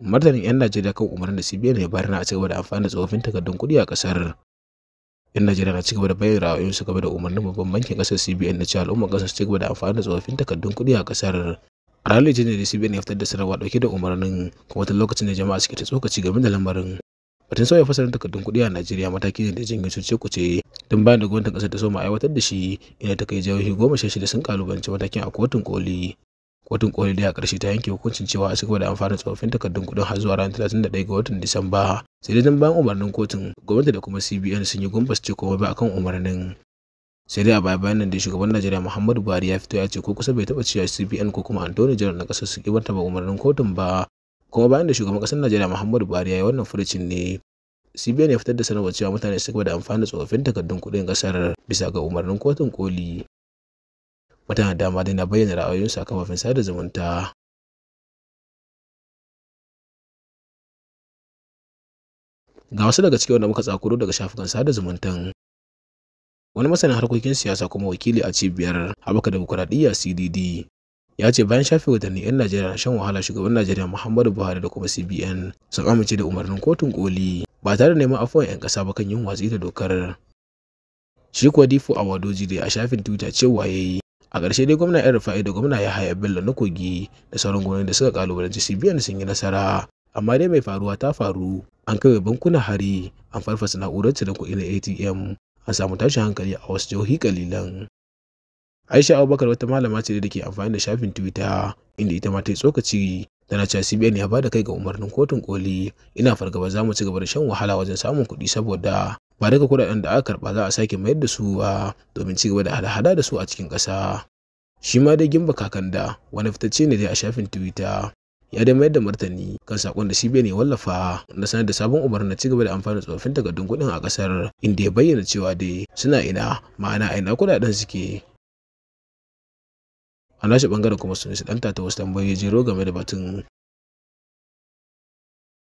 martanin 'yan najeriya kan umarnin da cbn ya bayar na a cigaba da amfani da tsofaffin takardun kuɗi a ƙasar yan najeriya na cigaba da bayyana su game da umarnin babban bankin ƙasar cbn na cewa al'umma ƙasar su cigaba da amfani da tsofaffin takardun kuɗi a ƙasar a ranar litinin da cbn ya fitar da sanarwa ɗauke da umarnin kuma ta lokacin da jama'a suke ta tsokaci game da lamarin batun sauya fasalin takardun kuɗi a najeriya mataki ne da ce cuce kuce don bayan da gwamnatin ƙasar ta soma aiwatar da shi inda ta kai jihohi goma sha shida sun kalubalance matakin a kotun koli kotun koli da a ƙarshe ta yanke hukuncin cewa a cigaba da amfani tsofaffin takardun kuɗin har zuwa ranar 31 ga watan disamba sai dai bayan umarnin kotun gwamnati da kuma cbn sun yi gumbas ce komai ba akan umarnin sai dai a baya bayan nan da shugaban najeriya muhammadu buhari ya fito ya ce ko kusa bai taɓa cewa cbn ko kuma antoni jiran na ƙasar su ƙibar ba umarnin kotun ba kuma bayan da shugaban ƙasar najeriya muhammadu buhari ya yi wannan furucin ne cbn ya fitar da sanarwar cewa mutane su gaba da amfani tsofaffin takardun kuɗin ƙasar bisa ga umarnin kotun koli mutane dama dai na bayyana ra'ayoyinsu a kafafen sada zumunta ga wasu daga cikin wanda muka tsakuro daga shafukan sada zumuntan wani masanin harkokin siyasa kuma wakili a cibiyar haɓaka demokuraɗiyya cdd ya ce bayan shafe watanni 'yan najeriya na shan wahala shugaban najeriya muhammadu buhari da kuma cbn sun amince da umarnin kotun koli ba tare da neman afuwan 'yan ƙasa ba kan yin watsi da dokar shi kuwa difo a wadoji da a shafin twitter cewa ya yi a ƙarshe dai gwamna yan rufa'i da gwamna yahaya bello na kogi da sauran gwamnati da suka kalubalanci cbn sun yi nasara amma dai mai faruwa ta faru an kai bankunan hari an farfasa na'urar cire kuɗi na atm an samu tashin hankali a wasu jihohi ƙalilan. aisha abubakar wata malama ce da ke amfani da shafin twitter inda ita ma ta yi tsokaci tana cewa cbn ya bada kai ga umarnin kotun koli ina fargaba za mu ci gaba da shan wahala wajen samun kuɗi saboda ba duka kuɗaɗen da aka karɓa za a sake mayar da su ba domin ci gaba da hada-hada da su a cikin ƙasa shi ma dai gimba kakanda wani fitacce ne dai a shafin twitter ya dai mayar da martani kan sakon da CBN ya wallafa na sanar da sabon umarni na gaba da amfani da tsofaffin takardun kuɗin a ƙasar inda ya bayyana cewa dai suna ina ma'ana a ina kuɗaɗen suke. A nashi ɓangaren kuma sun ɗan ta wasu tambayoyi jero game da batun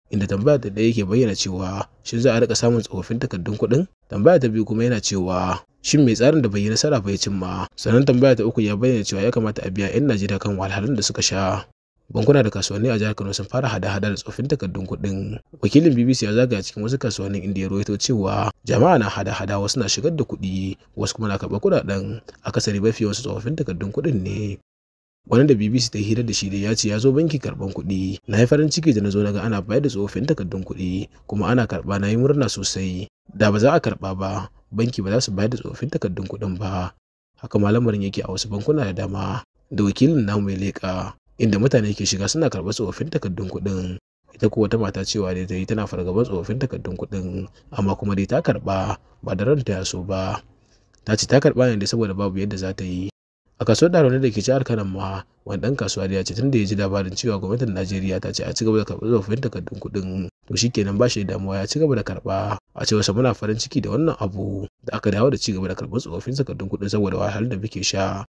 inda tambaya ta ɗaya yake bayyana cewa shin za a rika samun tsofaffin takardun kuɗin tambaya ta biyu kuma yana cewa shin mai tsarin da bai yi nasara bai cimma sannan tambaya ta uku ya bayyana cewa ya kamata a biya 'yan najeriya kan wahalhalun da suka sha bankuna da kasuwanni a jihar kano sun fara hada-hada da tsoffin takardun kuɗin wakilin bbc ya zagaya cikin wasu kasuwannin inda ya rawaito cewa jama'a na hada-hada wasu na shigar da kuɗi wasu kuma na karɓar kuɗaɗen akasari mafi wasu tsofaffin takardun kuɗin ne wani da bbc ta hira da shi dai ya ce ya zo banki karban kuɗi na yi farin ciki da na zo naga ana bayar da tsofaffin takardun kuɗi kuma ana karɓa na yi murna sosai da ba za a karɓa ba banki ba za su bayar da tsofaffin takardun kuɗin ba haka ma lamarin yake a wasu bankuna da dama da wakilin namu ya leƙa inda mutane ke shiga suna karɓar tsofaffin takardun kuɗin ita kuwa ta mata cewa dai ta yi tana fargabar tsofaffin takardun kuɗin amma kuma dai ta karɓa ba da ranta ya so ba ta ce ta karɓa ne saboda babu yadda za ta yi a kaso kasuwar daronai da ke jihar kanan muha wani dan kasuwa ya ce tunda ya ji labarin cewa gwamnatin najeriya ta ce a cigaba da karɓar tsofaffin takardun kuɗin to shikenan ba shi da damuwa ya cigaba da karɓa a ce sa muna farin ciki da wannan abu da aka dawo da cigaba da karɓar tsofaffin takardun kuɗin saboda wahalar da muke sha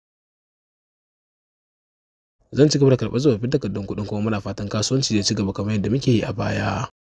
zan ci gaba da karɓar tsofaffin takardun kuɗin kuma muna fatan kasuwanci zai ci gaba kamar yadda muke yi a baya